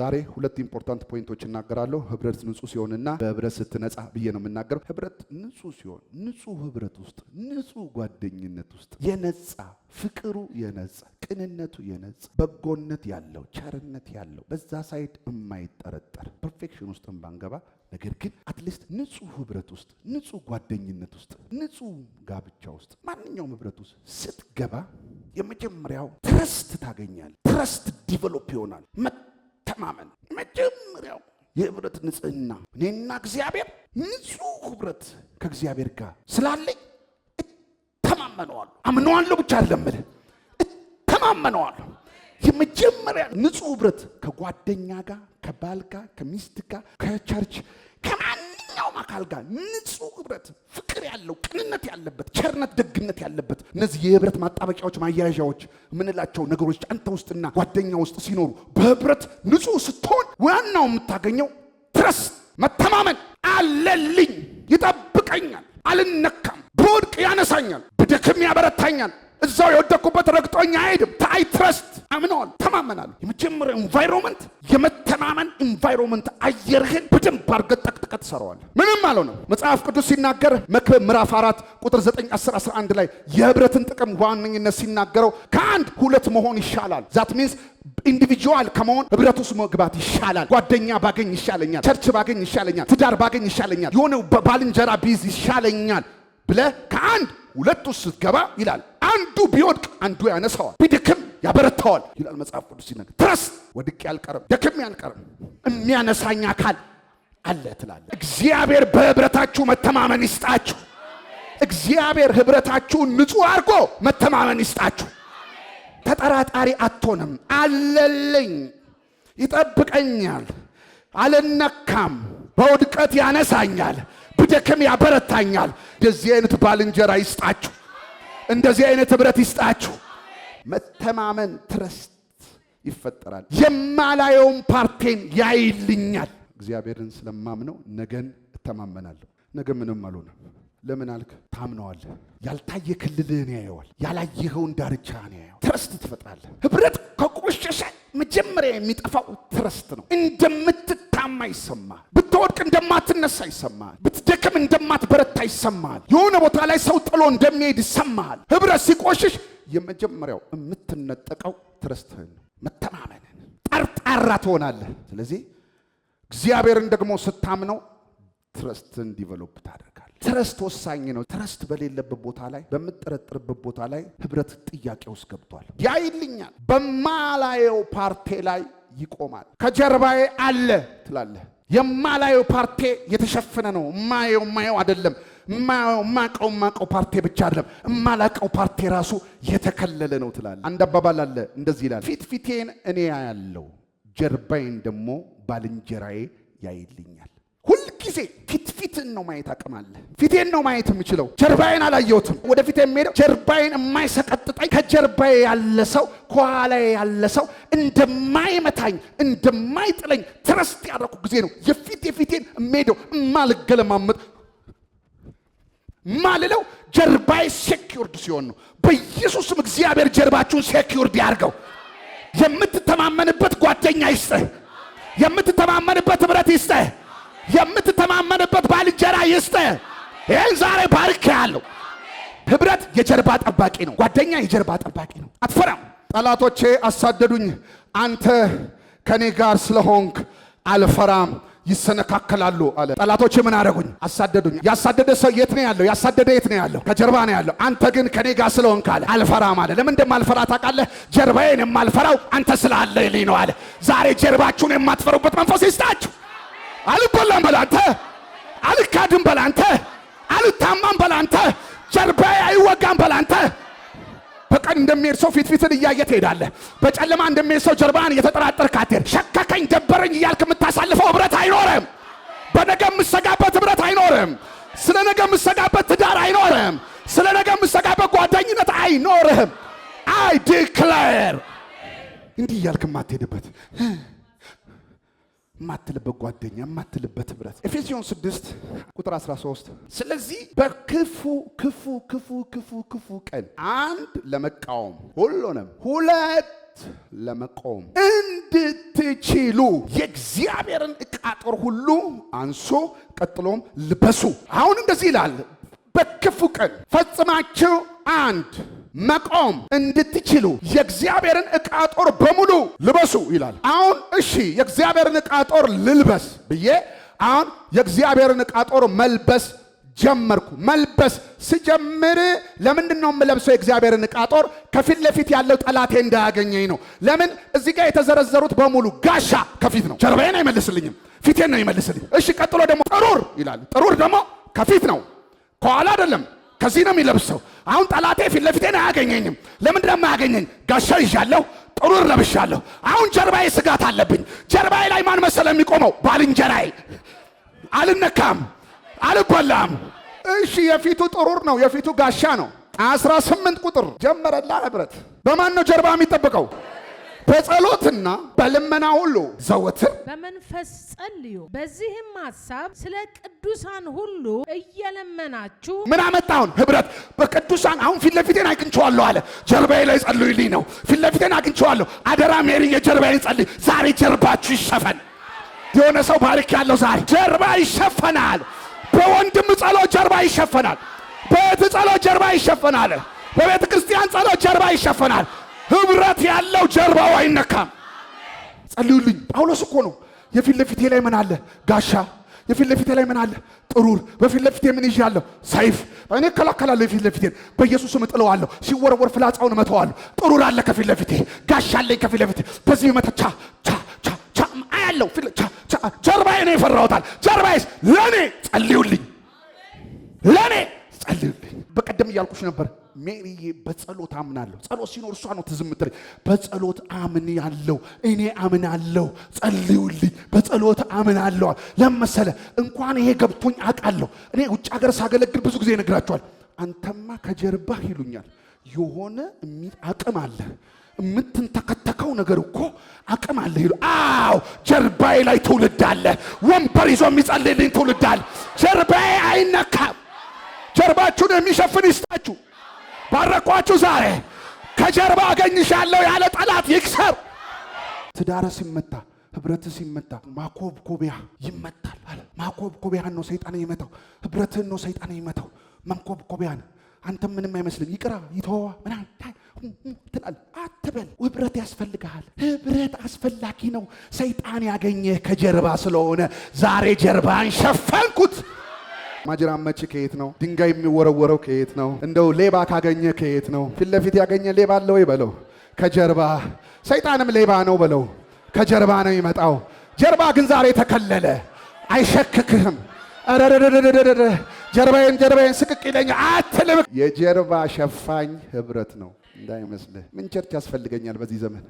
ዛሬ ሁለት ኢምፖርታንት ፖይንቶች እናገራለሁ። ህብረት ንጹህ ሲሆንና በህብረት ስትነጻ ብዬ ነው የምናገረው። ህብረት ንጹህ ሲሆን፣ ንጹህ ህብረት ውስጥ፣ ንጹህ ጓደኝነት ውስጥ የነጻ ፍቅሩ የነጻ ቅንነቱ የነጻ በጎነት ያለው ቸርነት ያለው በዛ ሳይድ የማይጠረጠር ፐርፌክሽን ውስጥ ባንገባ ነገር ግን አትሊስት ንጹህ ህብረት ውስጥ ንጹህ ጓደኝነት ውስጥ ንጹህ ጋብቻ ውስጥ ማንኛውም ህብረት ውስጥ ስትገባ የመጀመሪያው ትረስት ታገኛል። ትረስት ዲቨሎፕ ይሆናል። መተማመን መጀመሪያው የህብረት ንጽህና እኔና እግዚአብሔር ንጹህ ህብረት ከእግዚአብሔር ጋር ስላለኝ እተማመነዋለሁ። አምነዋለሁ ብቻ አለምል እተማመነዋለሁ። የመጀመሪያ ንጹህ ህብረት ከጓደኛ ጋር፣ ከባል ጋር፣ ከሚስት ጋር፣ ከቸርች አካል ጋር ንጹህ ህብረት፣ ፍቅር ያለው ቅንነት ያለበት ቸርነት፣ ደግነት ያለበት እነዚህ የህብረት ማጣበቂያዎች ማያያዣዎች የምንላቸው ነገሮች አንተ ውስጥና ጓደኛ ውስጥ ሲኖሩ በህብረት ንጹህ ስትሆን ዋናው የምታገኘው ትረስ መተማመን አለልኝ፣ ይጠብቀኛል፣ አልነካም፣ ብወድቅ ያነሳኛል፣ ብደክም ያበረታኛል እዛው የወደቅኩበት ረግጦኛ አይሄድም። አይ ትረስት አምነዋል፣ ተማመናል። የመጀመሪያው ኢንቫይሮንመንት የመተማመን ኢንቫይሮንመንት አየርህን በደንብ አድርገህ ጠቅጥቀህ ትሰራዋለህ። ምንም ነው። መጽሐፍ ቅዱስ ሲናገር መክብብ ምዕራፍ አራት ቁጥር 9 10 11 ላይ የህብረትን ጥቅም ዋነኝነት ሲናገረው ከአንድ ሁለት መሆን ይሻላል። ዛት ሚንስ ኢንዲቪጁዋል ከመሆን ህብረት ውስጥ መግባት ይሻላል። ጓደኛ ባገኝ ይሻለኛል፣ ቸርች ባገኝ ይሻለኛል፣ ትዳር ባገኝ ይሻለኛል፣ የሆነ ባልንጀራ ቢዝ ይሻለኛል ብለህ ከአንድ ሁለት ውስጥ ስትገባ ይላል አንዱ ቢወድቅ አንዱ ያነሳዋል፣ ቢድክም ያበረታዋል ይላል መጽሐፍ ቅዱስ ሲነግር ትረስ ወድቄ አልቀርም፣ ደክሜ አልቀርም፣ የሚያነሳኝ አካል አለ ትላለ። እግዚአብሔር በህብረታችሁ መተማመን ይስጣችሁ። እግዚአብሔር ህብረታችሁን ንጹህ አድርጎ መተማመን ይስጣችሁ። ተጠራጣሪ አትሆንም። አለልኝ፣ ይጠብቀኛል፣ አልነካም፣ በውድቀት ያነሳኛል፣ ብደክም ያበረታኛል። የዚህ አይነት ባልንጀራ ይስጣችሁ። እንደዚህ አይነት ህብረት ይስጣችሁ። መተማመን ትረስት ይፈጠራል። የማላየውን ፓርቴን ያይልኛል። እግዚአብሔርን ስለማምነው ነገን እተማመናለሁ። ነገ ምንም ነው? ለምን አልክ? ታምነዋለህ። ያልታየ ክልልህን ያየዋል። ያላየኸውን ዳርቻህን ያየዋል። ትረስት ትፈጥራለህ። ህብረት ከቆሸሸ መጀመሪያ የሚጠፋው ትረስት ነው። እንደምትታማ ይሰማል። ብትወድቅ እንደማትነሳ ይሰማል። ስትደክም እንደማትበረታ ይሰማል። የሆነ ቦታ ላይ ሰው ጥሎ እንደሚሄድ ይሰማል። ህብረት ሲቆሽሽ የመጀመሪያው የምትነጠቀው ትረስትህን ነው፣ መተማመንን። ጠርጣራ ትሆናለህ። ስለዚህ እግዚአብሔርን ደግሞ ስታምነው ትረስትን ዲቨሎፕ ታደርጋለህ። ትረስት ወሳኝ ነው። ትረስት በሌለበት ቦታ ላይ በምጠረጥርበት ቦታ ላይ ህብረት ጥያቄ ውስጥ ገብቷል። ያይልኛል፣ በማላየው ፓርቴ ላይ ይቆማል። ከጀርባዬ አለ ትላለህ የማላየው ፓርቴ የተሸፈነ ነው። ማየው ማየው አይደለም። ማየው ማቀው ማቀው ፓርቴ ብቻ አይደለም። እማላቀው ፓርቴ ራሱ የተከለለ ነው ትላል። አንድ አባባል አለ፣ እንደዚህ ይላል፣ ፊት ፊቴን እኔ ያያለው፣ ጀርባዬን ደግሞ ባልንጀራዬ ያይልኛል። ጊዜ ፊት ፊትን ነው ማየት አቅም አለ። ፊቴን ነው ማየት የምችለው። ጀርባዬን አላየሁትም። ወደፊት የሚሄደው ጀርባዬን የማይሰቀጥጠኝ ከጀርባዬ ያለ ሰው ከኋላዬ ያለ ሰው እንደማይመታኝ እንደማይጥለኝ ትረስት ያደረኩ ጊዜ ነው የፊት የፊቴን የሚሄደው እማልገለማመጥ ማልለው ጀርባዬ ሴኪውርድ ሲሆን ነው። በኢየሱስም እግዚአብሔር ጀርባችሁን ሴኪውርድ ያርገው። የምትተማመንበት ጓደኛ ይስጠህ። የምትተማመንበት ህብረት ይስጠህ። የምትተማመንበት ባልንጀራ ይስጥ። ይህን ዛሬ ባርክ ያለው ህብረት የጀርባ ጠባቂ ነው። ጓደኛ የጀርባ ጠባቂ ነው። አትፈራም። ጠላቶቼ አሳደዱኝ፣ አንተ ከኔ ጋር ስለሆንክ አልፈራም። ይሰነካከላሉ አለ። ጠላቶቼ ምን አደረጉኝ? አሳደዱኝ። ያሳደደ ሰው የት ነው ያለው? ያሳደደ የት ነው ያለው? ከጀርባ ነው ያለው። አንተ ግን ከኔ ጋር ስለሆንክ አለ አልፈራም አለ። ለምን እንደማልፈራ ታውቃለህ? ጀርባዬን የማልፈራው አንተ ስላለ ይልኝ ነው አለ። ዛሬ ጀርባችሁን የማትፈሩበት መንፈስ ይስጣችሁ። አልበላም በላንተ፣ አልካድም በላንተ፣ አልታማም በላንተ፣ ጀርባዬ አይወጋም በላንተ። በቀን እንደሚሄድ ሰው ፊት ፊትን እያየ ትሄዳለህ። በጨለማ እንደሚሄድ ሰው ጀርባን እየተጠራጠርክ አትሄድ። ሸከከኝ ደበረኝ እያልክ የምታሳልፈው ህብረት አይኖርም። በነገ የምሰጋበት ህብረት አይኖርም። ስለ ነገ የምሰጋበት ትዳር አይኖርም። ስለ ነገ የምሰጋበት ጓደኝነት አይኖርህም። አይ ዲክለር እንዲህ እያልክ የማትሄድበት የማትልበት ጓደኛ የማትልበት ህብረት። ኤፌሲዮን 6 ቁጥር 13 ስለዚህ በክፉ ክፉ ክፉ ክፉ ክፉ ቀን አንድ ለመቃወም ሁሉንም፣ ሁለት ለመቆም እንድትችሉ የእግዚአብሔርን ዕቃ ጦር ሁሉ አንሶ ቀጥሎም ልበሱ። አሁን እንደዚህ ይላል፣ በክፉ ቀን ፈጽማችሁ አንድ መቆም እንድትችሉ የእግዚአብሔርን ዕቃ ጦር በሙሉ ልበሱ ይላል። አሁን እሺ የእግዚአብሔርን ዕቃ ጦር ልልበስ ብዬ አሁን የእግዚአብሔርን ዕቃ ጦር መልበስ ጀመርኩ። መልበስ ስጀምር ለምንድን ነው የምለብሰው የእግዚአብሔርን ዕቃ ጦር? ከፊት ለፊት ያለው ጠላቴ እንዳያገኘኝ ነው። ለምን እዚህ ጋር የተዘረዘሩት በሙሉ ጋሻ ከፊት ነው። ጀርባዬን አይመልስልኝም፣ ፊቴን ነው ይመልስልኝ። እሺ፣ ቀጥሎ ደግሞ ጥሩር ይላል። ጥሩር ደግሞ ከፊት ነው፣ ከኋላ አይደለም። ከዚህ ነው የሚለብሰው አሁን ጠላቴ ፊት ለፊቴን አያገኘኝም። ለምንድን ነው የማያገኘኝ? ጋሻ ይዣለሁ፣ ጥሩር ለብሻለሁ። አሁን ጀርባዬ ስጋት አለብኝ። ጀርባዬ ላይ ማን መሰለ የሚቆመው? ባልንጀራዬ። አልነካም፣ አልጎላም። እሺ የፊቱ ጥሩር ነው፣ የፊቱ ጋሻ ነው። አስራ ስምንት ቁጥር ጀመረላ ህብረት በማን ነው ጀርባ የሚጠብቀው? በጸሎትና በልመና ሁሉ ዘወትር በመንፈስ ጸልዩ፣ በዚህም ሐሳብ ስለ ቅዱሳን ሁሉ እየለመናችሁ ምን አመጣሁን? ህብረት በቅዱሳን አሁን ፊት ለፊቴን አግኝቼዋለሁ አለ። ጀርባዬ ላይ ጸልዩልኝ ነው። ፊት ለፊቴን አግኝቼዋለሁ። አደራ ሜሪ የጀርባዬን ጸልይ። ዛሬ ጀርባችሁ ይሸፈን። የሆነ ሰው ባርክ ያለው ዛሬ ጀርባ ይሸፈናል። በወንድም ጸሎት ጀርባ ይሸፈናል። በእህት ጸሎት ጀርባ ይሸፈናል። በቤተ ክርስቲያን ጸሎት ጀርባ ይሸፈናል። ህብረት ያለው ጀርባው አይነካም። ጸልዩልኝ። ጳውሎስ እኮ ነው የፊት ለፊቴ ላይ ምን አለ? ጋሻ። የፊት ለፊቴ ላይ ምን አለ? ጥሩር። በፊት ለፊቴ ምን ይዣለሁ? ሰይፍ። እኔ እከላከላለሁ የፊት ለፊቴን፣ በኢየሱስም እጥለዋለሁ። ሲወረወር ፍላጻውን እመተዋለሁ። ጥሩር አለ ከፊት ለፊቴ፣ ጋሻ አለኝ ከፊት ለፊቴ። በዚህ መተቻ ቻ ቻ ቻ አያለሁ። ጀርባዬ ነው የፈራሁታል። ጀርባዬስ ለእኔ ጸልዩልኝ፣ ለእኔ ጸልዩልኝ በቀደም እያልኩሽ ነበር ሜሪዬ በጸሎት አምናለሁ። ጸሎት ሲኖር እሷ ነው ትዝ በጸሎት አምን ያለው እኔ አምናለሁ፣ ጸልዩልኝ፣ በጸሎት አምናለሁ። ለመሰለ እንኳን ይሄ ገብቶኝ አውቃለሁ። እኔ ውጭ ሀገር ሳገለግል ብዙ ጊዜ ነግራቸዋል አንተማ ከጀርባህ ይሉኛል የሆነ አቅም አለ የምትንተከተከው ነገር እኮ አቅም አለ ይሉ። አዎ ጀርባዬ ላይ ትውልድ አለ። ወንበር ይዞ የሚጸልልኝ ትውልድ አለ። ጀርባዬ አይነካም። ጀርባችሁን የሚሸፍን ይስጣችሁ። ባረኳችሁ። ዛሬ ከጀርባ አገኝሻለሁ ያለ ጠላት ይክሰር። ትዳር ሲመታ፣ ህብረት ሲመታ ኮቢያ ይመታል አለ። ኮቢያን ነው ሰይጣን ይመታው፣ ህብረትን ነው ሰይጣን ይመታው። ኮቢያን አንተም ምንም አይመስልም፣ ይቅራ ይተዋ ምናምን ትላል። አትበል። ህብረት ያስፈልግሃል። ህብረት አስፈላጊ ነው። ሰይጣን ያገኘህ ከጀርባ ስለሆነ ዛሬ ጀርባን ሸፈንኩት። መቺ ከየት ነው? ድንጋይ የሚወረወረው ከየት ነው? እንደው ሌባ ካገኘ ከየት ነው? ፊት ለፊት ያገኘ ሌባ አለ ወይ በለው፣ ከጀርባ ሰይጣንም ሌባ ነው በለው፣ ከጀርባ ነው ይመጣው። ጀርባ ግን ዛሬ ተከለለ፣ አይሸክክህም። ረረረረረ ጀርባዬን ጀርባዬን ስቅቅ ይለኛ አትልም። የጀርባ ሸፋኝ ህብረት ነው እንዳይመስልህ። ምን ቸርች ያስፈልገኛል በዚህ ዘመን?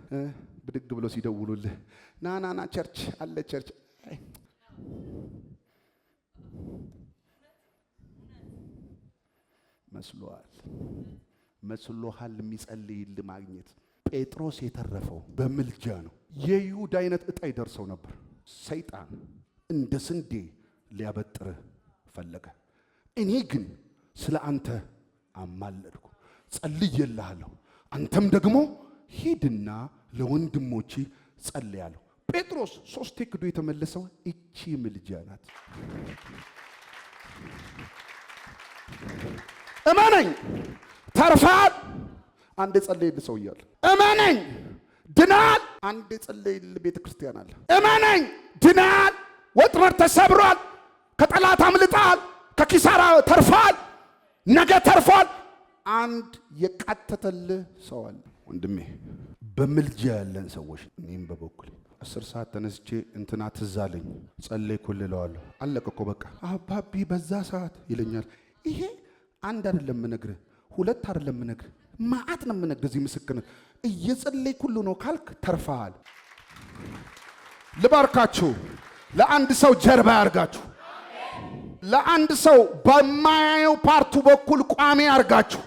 ብድግ ብሎ ሲደውሉልህ ና ቸርች አለ ቸርች መስሎሃል መስሎሃል የሚጸልይል ማግኘት ጴጥሮስ የተረፈው በምልጃ ነው። የይሁዳ አይነት እጣ ይደርሰው ነበር። ሰይጣን እንደ ስንዴ ሊያበጥርህ ፈለገ። እኔ ግን ስለ አንተ አማለድኩ፣ ጸልየልሃለሁ። አንተም ደግሞ ሂድና ለወንድሞቼ ጸልያለሁ። ጴጥሮስ ሶስቴ ክዶ የተመለሰው እቺ ምልጃ ናት። እመነኝ ተርፋል። አንድ ጸለይል ሰውያል። እመነኝ ድናል። አንድ ጸለይል ቤተ ክርስቲያን አለ። እመነኝ ድናል። ወጥመድ ተሰብሯል። ከጠላት አምልጣል። ከኪሳራ ተርፋል። ነገ ተርፏል። አንድ የቃተተልህ ሰው አለ። ወንድሜ በምልጃ ያለን ሰዎች እኔም በበኩል አስር ሰዓት ተነስቼ እንትና ትዛለኝ አለኝ ጸለይኩልህ አለቀ እኮ በቃ አባቢ በዛ ሰዓት ይለኛል ይሄ አንድ አይደለም ምነግርህ፣ ሁለት አይደለም ምነግርህ፣ ማአት ነው ምነግርህ። እዚህ ምስክርነት እየጸለይክ ሁሉ ነው ካልክ ተርፈሃል። ልባርካችሁ። ለአንድ ሰው ጀርባ ያርጋችሁ። ለአንድ ሰው በማያየው ፓርቱ በኩል ቋሚ ያርጋችሁ።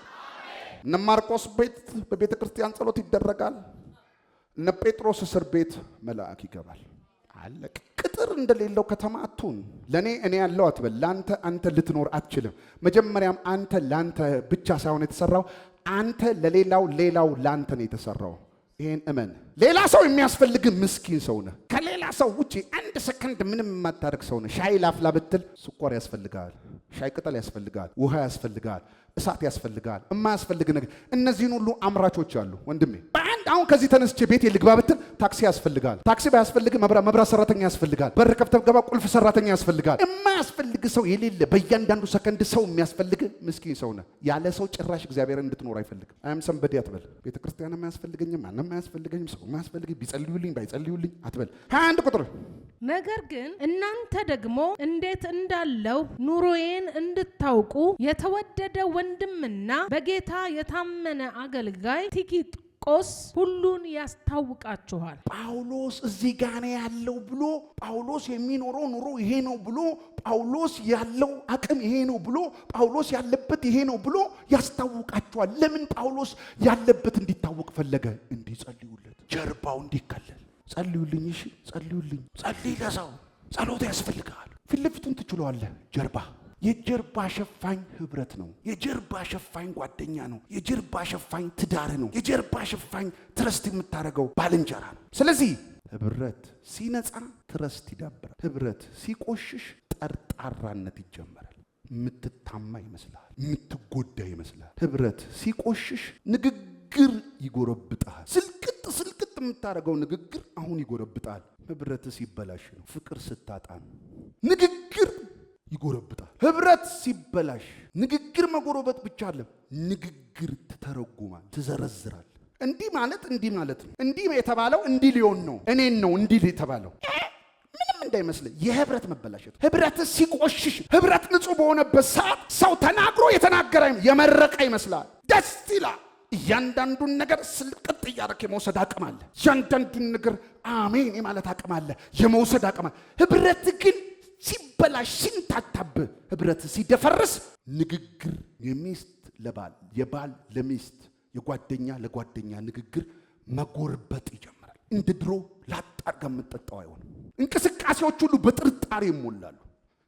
እነ ማርቆስ ቤት በቤተ ክርስቲያን ጸሎት ይደረጋል። እነ ጴጥሮስ እስር ቤት መልአክ ይገባል። አለቅ ቅጥር እንደሌለው ከተማ አትሁን። ለእኔ እኔ ያለው አትበል። ለአንተ አንተ ልትኖር አትችልም። መጀመሪያም አንተ ለአንተ ብቻ ሳይሆን የተሰራው አንተ ለሌላው፣ ሌላው ለአንተ ነው የተሰራው። ይህን እመን። ሌላ ሰው የሚያስፈልግ ምስኪን ሰው ነህ። ከሌላ ሰው ውጭ አንድ ሰከንድ ምንም የማታደርግ ሰው ነህ። ሻይ ላፍላ ብትል ስኳር ያስፈልጋል፣ ሻይ ቅጠል ያስፈልጋል፣ ውሃ ያስፈልጋል፣ እሳት ያስፈልጋል፣ እማያስፈልግ ነገር። እነዚህን ሁሉ አምራቾች አሉ ወንድሜ አሁን ከዚህ ተነስቼ ቤት ልግባ ብትል ታክሲ ያስፈልጋል። ታክሲ ባያስፈልግ መብራት ሰራተኛ ያስፈልጋል። በር ከፍተህ ገባ ቁልፍ ሰራተኛ ያስፈልጋል። የማያስፈልግ ሰው የሌለ በእያንዳንዱ ሰከንድ ሰው የሚያስፈልግ ምስኪን ሰው ነህ። ያለ ሰው ጭራሽ እግዚአብሔር እንድትኖር አይፈልግም። አይም ሰንበዴ አትበል። ቤተ ክርስቲያን የማያስፈልገኝም ማንም አያስፈልገኝም ሰው የማያስፈልገኝ ቢጸልዩልኝ ባይጸልዩልኝ አትበል። ሀያ አንድ ቁጥር ነገር ግን እናንተ ደግሞ እንዴት እንዳለው ኑሮዬን እንድታውቁ የተወደደ ወንድምና በጌታ የታመነ አገልጋይ ቲኪጥ ቆስ ሁሉን ያስታውቃችኋል። ጳውሎስ እዚህ ጋ ያለው ብሎ ጳውሎስ የሚኖረው ኑሮ ይሄ ነው ብሎ ጳውሎስ ያለው አቅም ይሄ ነው ብሎ ጳውሎስ ያለበት ይሄ ነው ብሎ ያስታውቃችኋል። ለምን ጳውሎስ ያለበት እንዲታወቅ ፈለገ? እንዲጸልዩለት፣ ጀርባው እንዲከለል። ጸልዩልኝ፣ እሺ ጸልዩልኝ፣ ጸልይ። ለሰው ጸሎት ያስፈልግሃል። ፊት ለፊቱን ትችለዋለህ ጀርባ የጀርባ ሸፋኝ ህብረት ነው። የጀርባ ሸፋኝ ጓደኛ ነው። የጀርባ ሸፋኝ ትዳር ነው። የጀርባ ሸፋኝ ትረስት የምታደርገው ባልንጀራ ነው። ስለዚህ ህብረት ሲነጻ ትረስት ይዳብራል። ህብረት ሲቆሽሽ ጠርጣራነት ይጀመራል። የምትታማ ይመስላል። የምትጎዳ ይመስላል። ህብረት ሲቆሽሽ ንግግር ይጎረብጣል። ስልቅጥ ስልቅጥ የምታደርገው ንግግር አሁን ይጎረብጣል። ህብረት ሲበላሽ ነው። ፍቅር ስታጣ ነው። ንግግር ይጎረብጣል። ህብረት ሲበላሽ ንግግር መጎረበጥ ብቻ አለም፣ ንግግር ትተረጉማል፣ ትዘረዝራል። እንዲህ ማለት እንዲህ ማለት ነው፣ እንዲህ የተባለው እንዲህ ሊሆን ነው፣ እኔን ነው እንዲህ የተባለው ምንም የህብረት መበላሸት። ህብረት ሲቆሽሽ፣ ህብረት ንጹህ በሆነበት ሰዓት ሰው ተናግሮ የተናገረ የመረቀ ይመስላል፣ ደስ ይላል። እያንዳንዱን ነገር ስልቅጥ እያደረክ የመውሰድ አቅም አለ። እያንዳንዱን ነገር አሜን የማለት አቅም አለ፣ የመውሰድ አቅም አለ። ህብረት ግን ሲበላሽ ሲንታታብ ህብረት ሲደፈርስ ንግግር የሚስት ለባል የባል ለሚስት የጓደኛ ለጓደኛ ንግግር መጎርበጥ ይጀምራል። እንደ ድሮ ላጣርጋ የምንጠጣው አይሆንም። እንቅስቃሴዎች ሁሉ በጥርጣሬ ይሞላሉ።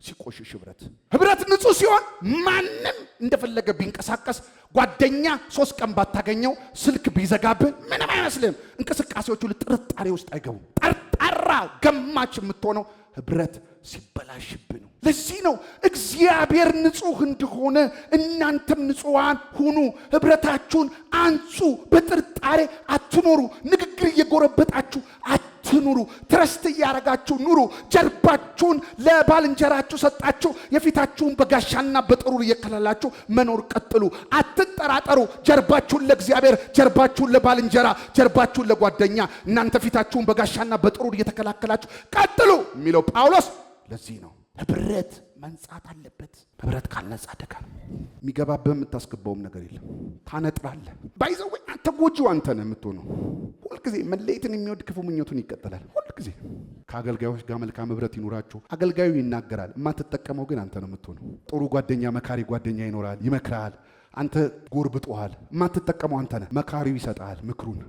ሲቆሽሽ ህብረት ህብረት ንጹህ ሲሆን ማንም እንደፈለገ ቢንቀሳቀስ ጓደኛ ሶስት ቀን ባታገኘው ስልክ ቢዘጋብህ ምንም አይመስልም። እንቅስቃሴዎች ሁሉ ጥርጣሬ ውስጥ አይገቡም። ጠርጣራ ገማች የምትሆነው ህብረት ሲበላሽብህ ነው። ለዚህ ነው እግዚአብሔር ንጹሕ እንደሆነ እናንተም ንጹሐን ሁኑ፣ ኅብረታችሁን አንጹ፣ በጥርጣሬ አትኖሩ፣ ንግግር እየጎረበጣችሁ አትኑሩ፣ ትረስት እያረጋችሁ ኑሩ። ጀርባችሁን ለባልንጀራችሁ ሰጣችሁ፣ የፊታችሁን በጋሻና በጥሩር እየከለላችሁ መኖር ቀጥሉ። አትጠራጠሩ። ጀርባችሁን ለእግዚአብሔር፣ ጀርባችሁን ለባልንጀራ፣ ጀርባችሁን ለጓደኛ፣ እናንተ ፊታችሁን በጋሻና በጥሩር እየተከላከላችሁ ቀጥሉ የሚለው ጳውሎስ ለዚህ ነው ህብረት መንጻት አለበት። ህብረት ካልነጻ አደጋ የሚገባበት የምታስገባውም ነገር የለም። ታነጥራለ። ባይዘው አንተ ጎጂው አንተ ነህ የምትሆነው። ሁልጊዜ መለየትን የሚወድ ክፉ ምኞቱን ይቀጥላል። ሁልጊዜ ከአገልጋዮች ጋር መልካም ህብረት ይኖራቸው አገልጋዩ ይናገራል፣ የማትጠቀመው ግን አንተ ነው የምትሆነው። ጥሩ ጓደኛ፣ መካሪ ጓደኛ ይኖራል፣ ይመክራል አንተ ጎርብጦሃል። የማትጠቀመው አንተ ነህ። መካሪው ይሰጣል ምክሩን፣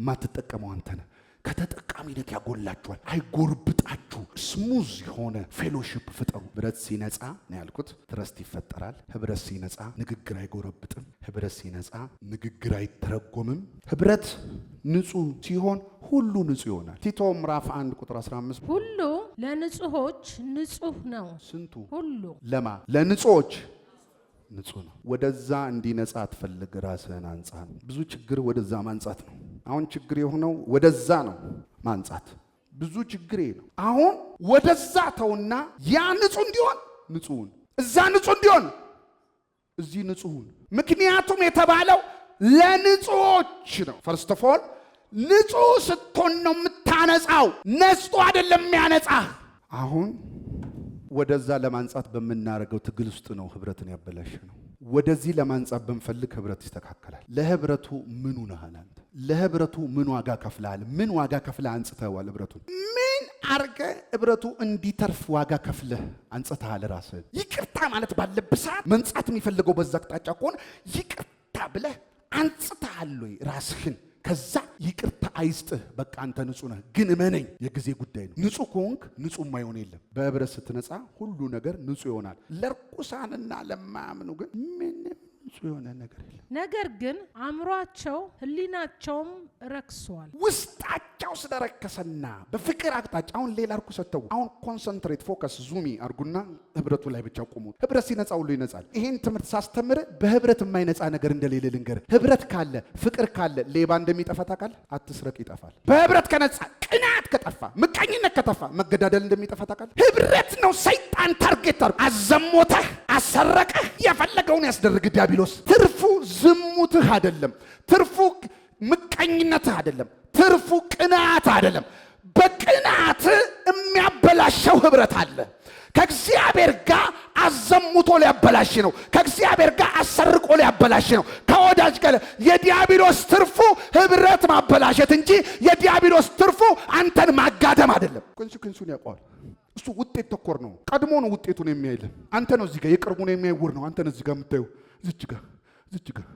የማትጠቀመው አንተ ነህ። ከተጠቃሚ ይልቅ ያጎላችኋል። አይጎርብጣችሁ። ስሙዝ የሆነ ፌሎሽፕ ፍጠሩ። ህብረት ሲነጻ ነው ያልኩት፣ ትረስት ይፈጠራል። ህብረት ሲነጻ ንግግር አይጎረብጥም። ህብረት ሲነጻ ንግግር አይተረጎምም። ህብረት ንጹህ ሲሆን ሁሉ ንጹህ ይሆናል። ቲቶ ምዕራፍ 1 ቁጥር 15 ሁሉ ለንጹሆች ንጹህ ነው። ስንቱ ሁሉ ለማ ለንጹሆች ንጹህ ነው። ወደዛ እንዲነጻ አትፈልግ፣ ራስህን አንጻ ነው። ብዙ ችግር ወደዛ ማንጻት ነው። አሁን ችግር የሆነው ወደዛ ነው ማንጻት። ብዙ ችግር ነው። አሁን ወደዛ ተውና ያ ንጹህ እንዲሆን ንጹህን እዛ ንጹህ እንዲሆን እዚህ ንጹህን። ምክንያቱም የተባለው ለንጹዎች ነው። ፈርስት ኦፍ ኦል ንጹህ ስትሆን ነው የምታነጻው። ነጽቶ አይደለም የሚያነጻህ አሁን ወደዛ ለማንጻት በምናደርገው ትግል ውስጥ ነው ህብረትን ያበላሸ ነው። ወደዚህ ለማንጻት ብንፈልግ ህብረት ይስተካከላል። ለህብረቱ ምኑ ነህ አንተ? ለህብረቱ ምን ዋጋ ከፍለሃል? ምን ዋጋ ከፍለህ አንጽተዋል? ህብረቱን ምን አርገ ህብረቱ እንዲተርፍ ዋጋ ከፍለህ አንጽተሃል? ራስህ ይቅርታ ማለት ባለብህ ሰዓት መንጻት የሚፈልገው በዛ አቅጣጫ ከሆነ ይቅርታ ብለህ አንጽተሃል ወይ ራስህን ከዛ ይቅርታ አይስጥህ። በቃ አንተ ንጹህ ነህ፣ ግን እመነኝ የጊዜ ጉዳይ ነው። ንጹህ ከሆንክ ንጹህ የማይሆን የለም። በህብረት ስትነጻ ሁሉ ነገር ንጹህ ይሆናል። ለርኩሳንና ለማያምኑ ግን ምንም ንጹህ የሆነ ነገር የለም። ነገር ግን አእምሯቸው ህሊናቸውም ረክሷል። ውስጣቸው ስለረከሰና በፍቅር አቅጣጫ አሁን ሌላ እርኩ ሰተው አሁን ኮንሰንትሬት ፎከስ ዙሚ አርጉና ህብረቱ ላይ ብቻ ቁሙ። ህብረት ሲነጻ ሁሉ ይነጻል። ይህን ትምህርት ሳስተምር በህብረት የማይነጻ ነገር እንደሌለ ልንገር። ህብረት ካለ ፍቅር ካለ ሌባ እንደሚጠፋ ታውቃለህ። አትስረቅ ይጠፋል። በህብረት ከነጻ ቅናት ከጠፋ ምቀኝነት ከጠፋ መገዳደል እንደሚጠፋ ታውቃለህ። ህብረት ነው ሰይጣን ታርጌት አርጉ። አዘሞተህ አሰረቀህ የፈለገውን ያስደርግ ዲያብሎ ዲያብሎስ ትርፉ ዝሙትህ አይደለም፣ ትርፉ ምቀኝነትህ አይደለም፣ ትርፉ ቅናት አይደለም። በቅናት የሚያበላሸው ህብረት አለ። ከእግዚአብሔር ጋር አዘሙቶ ሊያበላሽ ነው። ከእግዚአብሔር ጋር አሰርቆ ሊያበላሽ ነው። ከወዳጅ ቀለ የዲያብሎስ ትርፉ ህብረት ማበላሸት እንጂ የዲያብሎስ ትርፉ አንተን ማጋደም አይደለም። ክንሱ ክንሱን ያውቀዋል። እሱ ውጤት ተኮር ነው። ቀድሞ ነው ውጤቱን የሚያይልን። አንተ ነው እዚህ ጋር የቅርቡን የሚያይውር ነው። አንተ ነው እዚህ ጋር የምታየው ዝች ጋር ዝች ጋር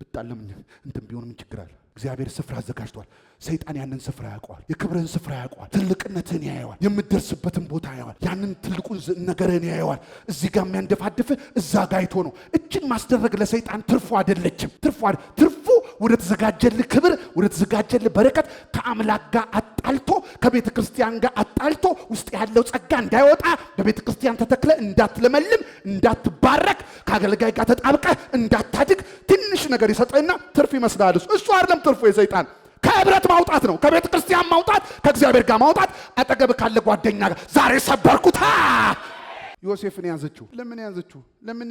ብጣለምኝ እንትን ቢሆን ምን ችግር አለ? እግዚአብሔር ስፍራ አዘጋጅቷል። ሰይጣን ያንን ስፍራ ያውቀዋል። የክብርህን ስፍራ ያውቀዋል። ትልቅነትህን ያየዋል። የምትደርስበትን ቦታ ያየዋል። ያንን ትልቁን ነገርህን ያየዋል። እዚህ ጋር የሚያንደፋድፍህ እዛ ጋ አይቶ ነው። እችን ማስደረግ ለሰይጣን ትርፉ አይደለችም። ትርፉ ትርፉ ወደ ተዘጋጀልህ ክብር፣ ወደ ተዘጋጀልህ በረከት ከአምላክ ጋር አጣልቶ ከቤተ ክርስቲያን ጋር አጣልቶ ውስጥ ያለው ጸጋ እንዳይወጣ በቤተ ክርስቲያን ተተክለ እንዳትለመልም፣ እንዳትባረክ፣ ከአገልጋይ ጋር ተጣብቀ እንዳታድግ ትንሽ ነገር ይሰጠና ትርፍ ይመስላል። እሱ አይደለም ትርፉ የሰይጣን ከህብረት ማውጣት ነው። ከቤተ ክርስቲያን ማውጣት፣ ከእግዚአብሔር ጋር ማውጣት፣ አጠገብ ካለ ጓደኛ ጋር ዛሬ ሰበርኩታ። ዮሴፍን ያዘችው። ለምን ያዘችው? ለምን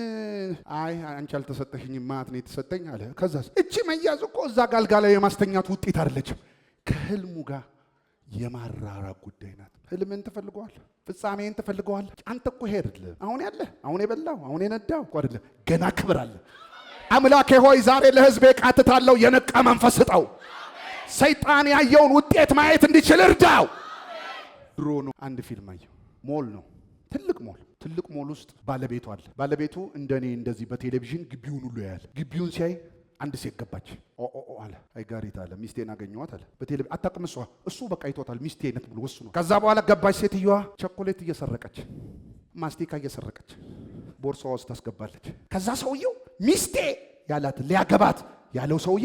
አይ አንቺ አልተሰጠሽኝ ማት ነው የተሰጠኝ አለ። ከዛ እቺ መያዝ እኮ እዛ ጋልጋላ የማስተኛት ውጤት አይደለችም። ከህልሙ ጋር የማራራ ጉዳይ ናት። ህልምን ትፈልገዋል፣ ፍጻሜን ትፈልገዋል። አንተ እኮ ይሄ አይደለም አሁን ያለ አሁን የበላው አሁን የነዳው እኮ አይደለም። ገና ክብር አለ። አምላኬ ሆይ ዛሬ ለህዝቤ ቃትታለው የነቃ መንፈስ ስጠው። ሰይጣን ያየውን ውጤት ማየት እንዲችል እርዳው። ድሮ ነው አንድ ፊልም አየው ሞል ነው ትልቅ ሞል ትልቅ ሞል ውስጥ ባለቤቱ አለ። ባለቤቱ እንደኔ እንደዚህ በቴሌቪዥን ግቢውን ሁሉ ያያል። ግቢውን ሲያይ አንድ ሴት ገባች። አለ አይጋሪት አለ ሚስቴን አገኘዋት አለ በቴሌቪዥን አታውቅም እሷ እሱ በቃ ይቶታል ሚስቴ አይነት ብሎ ወስኗል። ከዛ በኋላ ገባች። ሴትዮዋ ቸኮሌት እየሰረቀች ማስቲካ እየሰረቀች ቦርሳዋ ውስጥ ታስገባለች። ከዛ ሰውየው ሚስቴ ያላት ሊያገባት ያለው ሰውዬ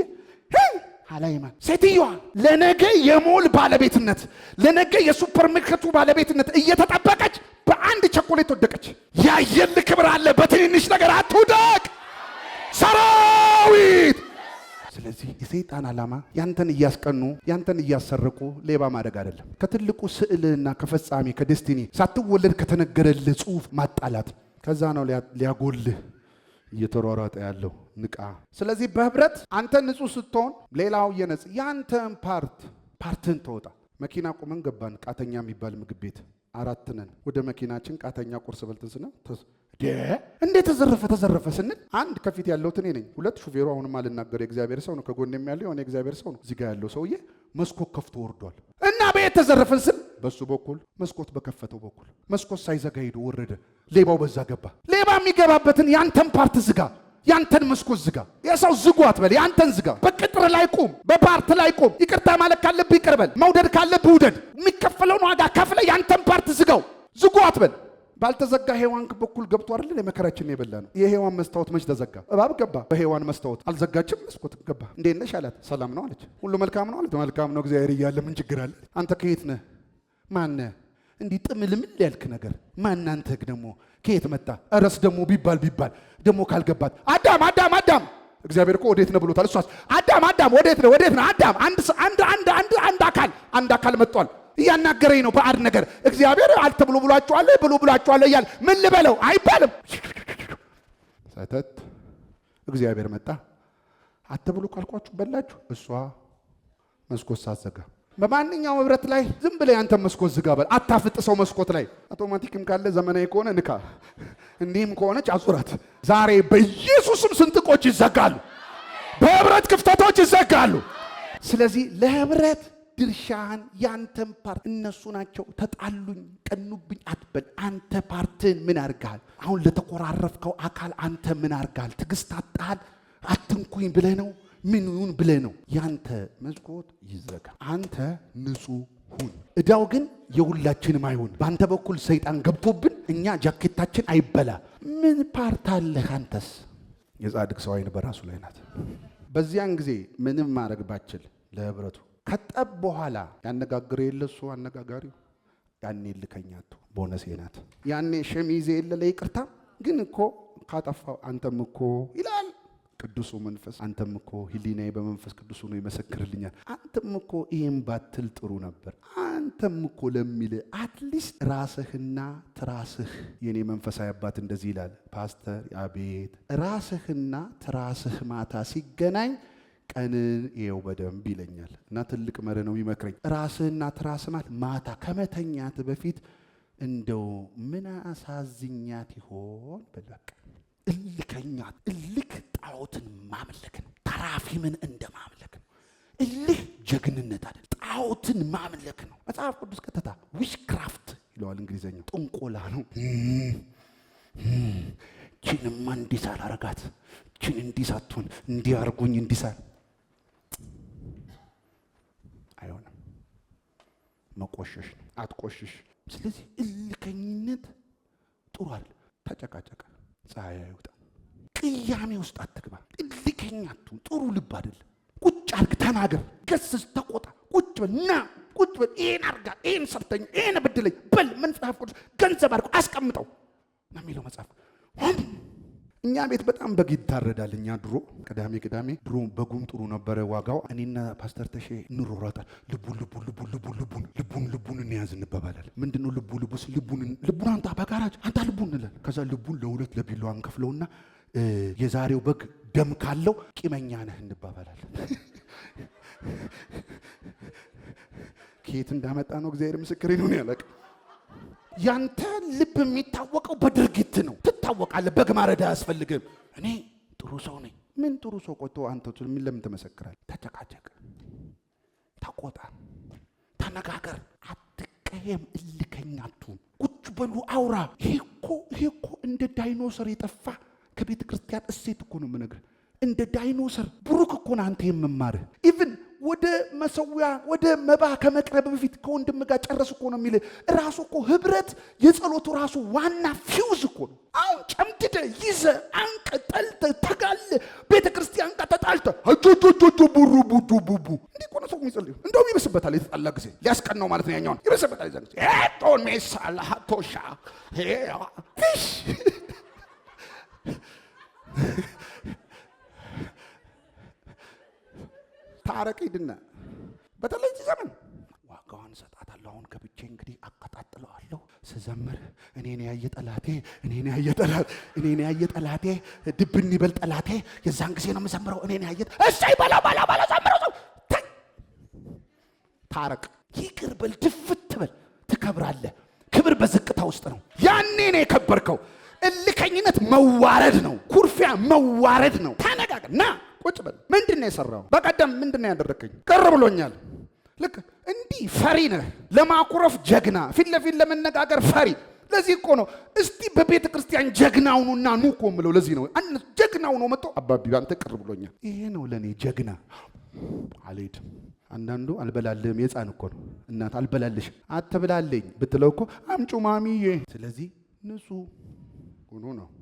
አላይማን ሴትዮዋ ለነገ የሞል ባለቤትነት ለነገ የሱፐርማርኬቱ ባለቤትነት እየተጠበቀች በአንድ ቸኮሌት ወደቀች። ያየል ክብር አለ። በትንንሽ ነገር አትውደቅ ሰራዊት። ስለዚህ የሰይጣን ዓላማ ያንተን እያስቀኑ ያንተን እያሰረቁ ሌባ ማድረግ አይደለም፣ ከትልቁ ስዕልና ከፈጻሜ ከዴስቲኒ ሳትወለድ ከተነገረልህ ጽሑፍ ማጣላት ከዛ ነው ሊያጎልህ እየተሯሯጠ ያለው ንቃ። ስለዚህ በህብረት አንተ ንጹህ ስትሆን ሌላው እየነጽ የአንተን ፓርት ፓርትን ተወጣ። መኪና ቁመን ገባን ቃተኛ የሚባል ምግብ ቤት አራት ነን። ወደ መኪናችን ቃተኛ ቁርስ በልትን ስነ እንዴ ተዘረፈ ተዘረፈ ስንል አንድ ከፊት ያለሁት እኔ ነኝ፣ ሁለት ሹፌሩ አሁንም አልናገር የእግዚአብሔር ሰው ነው። ከጎን የሚያለው የሆነ የእግዚአብሔር ሰው ነው። እዚጋ ያለው ሰውዬ መስኮት ከፍቶ ወርዷል እና በየት ተዘረፈን ስል በሱ በኩል መስኮት በከፈተው በኩል መስኮት ሳይዘጋ ሄዶ ወረደ። ሌባው በዛ ገባ። ሌባ የሚገባበትን ያንተን ፓርት ዝጋ፣ ያንተን መስኮት ዝጋ። የሰው ዝጓት በል፣ ያንተን ዝጋ። በቅጥር ላይ ቁም፣ በፓርት ላይ ቁም። ይቅርታ ማለት ካለብህ ይቅርበል፣ መውደድ ካለብህ ውደድ። የሚከፈለውን ዋጋ ከፍለ ያንተን ፓርት ዝጋው፣ ዝጓት በል። ባልተዘጋ ሔዋን በኩል ገብቶ አይደል ለመከራችን የበላ ነው። የሔዋን መስታወት መች ተዘጋ? እባብ ገባ በሔዋን መስታወት አልዘጋችም፣ መስኮት ገባ። እንዴት ነሽ አላት። ሰላም ነው አለች። ሁሉ መልካም ነው አለች። መልካም ነው እግዚአብሔር እያለ ምን ችግር አለ? አንተ ከየት ነህ? ማነ እንዲህ ጥምልምል ያልክ ነገር ማናንተህ ደግሞ ከየት መጣ? እረስ ደግሞ ቢባል ቢባል ደግሞ ካልገባት አዳም አዳም አዳም እግዚአብሔር እኮ ወዴት ነው ብሎታል። እሷስ አዳም አዳም ወዴት ነው ወዴት ነው አዳም አንድ አንድ አንድ አንድ አንድ አካል አንድ አካል መጥቷል። እያናገረኝ ነው በአድ ነገር እግዚአብሔር አልተ አልተብሎ ብሏቸዋለ ብሎ ብሏቸዋለ እያለ ምን ልበለው አይባልም። ሰተት እግዚአብሔር መጣ አትብሉ ካልኳችሁ በላችሁ። እሷ መስኮት ሳዘጋ በማንኛውም ህብረት ላይ ዝም ብለህ ያንተ መስኮት ዝጋ በል። አታፍጥ ሰው መስኮት ላይ አውቶማቲክም ካለ ዘመናዊ ከሆነ ንካ፣ እንዲህም ከሆነች አዙራት። ዛሬ በኢየሱስም ስንጥቆች ይዘጋሉ፣ በህብረት ክፍተቶች ይዘጋሉ። ስለዚህ ለህብረት ድርሻህን ያንተን ፓርት እነሱ ናቸው ተጣሉኝ፣ ቀኑብኝ አትበል። አንተ ፓርትን ምን አርጋል? አሁን ለተቆራረፍከው አካል አንተ ምን አርጋል ትግስት አጣል አትንኩኝ ብለህ ነው ምን ይሁን ነው። ያንተ መስኮት ይዘጋ፣ አንተ ንጹህ ሁን። እዳው ግን የሁላችንም አይሁን። በአንተ በኩል ሰይጣን ገብቶብን እኛ ጃኬታችን አይበላ። ምን ፓርት አለህ አንተስ? የጻድቅ ሰው አይን በራሱ ላይ ናት። በዚያን ጊዜ ምንም ማድረግ ባችል ለህብረቱ ከጠብ በኋላ ያነጋግር የለ አነጋጋሪው ያኔ ልከኛቱ ቦነሴ ናት ያኔ ሸሚዜ የለ ለይቅርታ ግን እኮ ካጠፋው አንተም እኮ ይላል ቅዱሱ መንፈስ አንተም እኮ ህሊናዬ በመንፈስ ቅዱሱ ነው ይመሰክርልኛል። አንተም እኮ ይህም ባትል ጥሩ ነበር። አንተም እኮ ለሚል አትሊስት ራስህና ትራስህ የእኔ መንፈሳዊ አባት እንደዚህ ይላል። ፓስተር አቤት፣ ራስህና ትራስህ ማታ ሲገናኝ ቀንን ይኸው በደንብ ይለኛል። እና ትልቅ መርህ ነው የሚመክረኝ። ራስህና ትራስህ ማለት ማታ ከመተኛት በፊት እንደው ምን አሳዝኛት ይሆን በቃ እልከኛት ጣዖትን ማምለክ ነው። ተራፊምን እንደ ማምለክ ነው። እልህ ጀግንነት አይደለም፣ ጣዖትን ማምለክ ነው። መጽሐፍ ቅዱስ ቀጥታ ዊችክራፍት ይለዋል። እንግሊዘኛው ጥንቆላ ነው። ቺንማ እንዲሳል አረጋት ቺን እንዲሳቱን እንዲያርጉኝ እንዲሳል አይሆንም። መቆሸሽ ነው። አትቆሽሽ። ስለዚህ እልከኝነት ጥሩ አይደለም። ተጨቃጨቀ፣ ፀሐይ አይውጣ ቅያሜ ውስጥ አትግባ። ጥልቀኛ አትሁን። ጥሩ ልብ አይደለም። ቁጭ አርግ ተናገር፣ ገስስ፣ ተቆጣ። ቁጭ በል ና ቁጭ በል ይህን አርጋ፣ ይህን ሰርተኝ፣ ይህን ብድለኝ በል። መጽሐፍ ቅዱስ ገንዘብ አድርጎ አስቀምጠው ነው የሚለው መጽሐፍ እኛ ቤት በጣም በግ ይታረዳል። እኛ ድሮ ቅዳሜ ቅዳሜ ድሮ በጉም ጥሩ ነበረ ዋጋው። እኔና ፓስተር ተሼ እንሮራታል። ልቡን ልቡን ልቡን ልቡን ልቡን ልቡን ልቡን እንያዝ እንበባላል። ምንድነው ልቡ ልቡስ ልቡን ልቡን አንጣ በጋራጅ አንጣ ልቡን እንላል። ከዛ ልቡን ለሁለት ለቢሎ አንከፍለውና የዛሬው በግ ደም ካለው ቂመኛ ነህ እንባባላለን። ከየት እንዳመጣ ነው እግዚአብሔር ምስክር ነው ያለቅ ያንተ ልብ የሚታወቀው በድርጊት ነው። ትታወቃለህ። በግ ማረድ አያስፈልግም። እኔ ጥሩ ሰው ነኝ። ምን ጥሩ ሰው ቆቶ አንተ ለምን ትመሰክራል? ተጨቃጨቅ፣ ተቆጣ፣ ተነጋገር፣ አትቀየም፣ እልከኛ አትሁን። ቁጭ በሉ አውራ። ይሄ እኮ ይሄ እኮ እንደ ዳይኖሰር የጠፋ ከቤተ ክርስቲያን እሴት እኮ ነው የምነግርህ። እንደ ዳይኖሰር ብሩክ እኮ ነው አንተ የምማርህ። ኢቭን ወደ መሰዊያ ወደ መባ ከመቅረብ በፊት ከወንድም ጋር ጨረስ እኮ ነው የሚልህ። ራሱ እኮ ህብረት የጸሎቱ ራሱ ዋና ፊውዝ እኮ ነው። አሁን ጨምድደ ይዘ አንቀ ጠልተ ተጋለ ቤተ ክርስቲያን ጋር ተጣልተ ጆጆጆጆ ቡሩ ቡዱ ቡቡ እንዲ ቆነ ሰው የሚጸልዩ እንደውም ይብስበታል። የተጣላ ጊዜ ሊያስቀናው ማለት ነው ያኛውን ይብስበታል። ዘ ጊዜ ቶን ሜሳ ሽ ታረቅ ሂድና፣ በተለይ እዚህ ዘመን ዋጋዋን እሰጣታለሁ። አሁን ከብቼ እንግዲህ አቀጣጥለዋለሁ። ስዘምር እኔን ያየ ጠላቴ እኔን ያየ ጠላቴ እኔን ያየ ጠላቴ ድብን ይበል ጠላቴ። የዛን ጊዜ ነው የምዘምረው። እኔን ያየ እሰይ በለው በለው በለው ዘምረው ሰው ታረቅ፣ ይቅር በል፣ ድፍት በል። ትከብራለህ። ክብር በዝቅታ ውስጥ ነው። ያኔ ነው የከበርከው። እልከኝነት መዋረድ ነው። ኩርፊያ መዋረድ ነው። ተነጋግረን ና ቁጭ በል። ምንድን ነው የሰራው? በቀደም ምንድን ነው ያደረከኝ? ቅር ብሎኛል። ልክ እንዲህ ፈሪ ነህ፣ ለማኩረፍ ጀግና፣ ፊት ለፊት ለመነጋገር ፈሪ። ለዚህ እኮ ነው እስቲ በቤተ ክርስቲያን ጀግናው ኑና ኑ እኮ የምለው ለዚህ ነው። ጀግናው ነው መጥቶ አባቢ አንተ ቅር ብሎኛል። ይሄ ነው ለእኔ ጀግና። አልሄድም አንዳንዱ አልበላልም የሕፃን እኮ ነው እናት አልበላለሽ አትብላለኝ ብትለው እኮ አምጩ ማሚዬ። ስለዚህ ንጹህ con uno.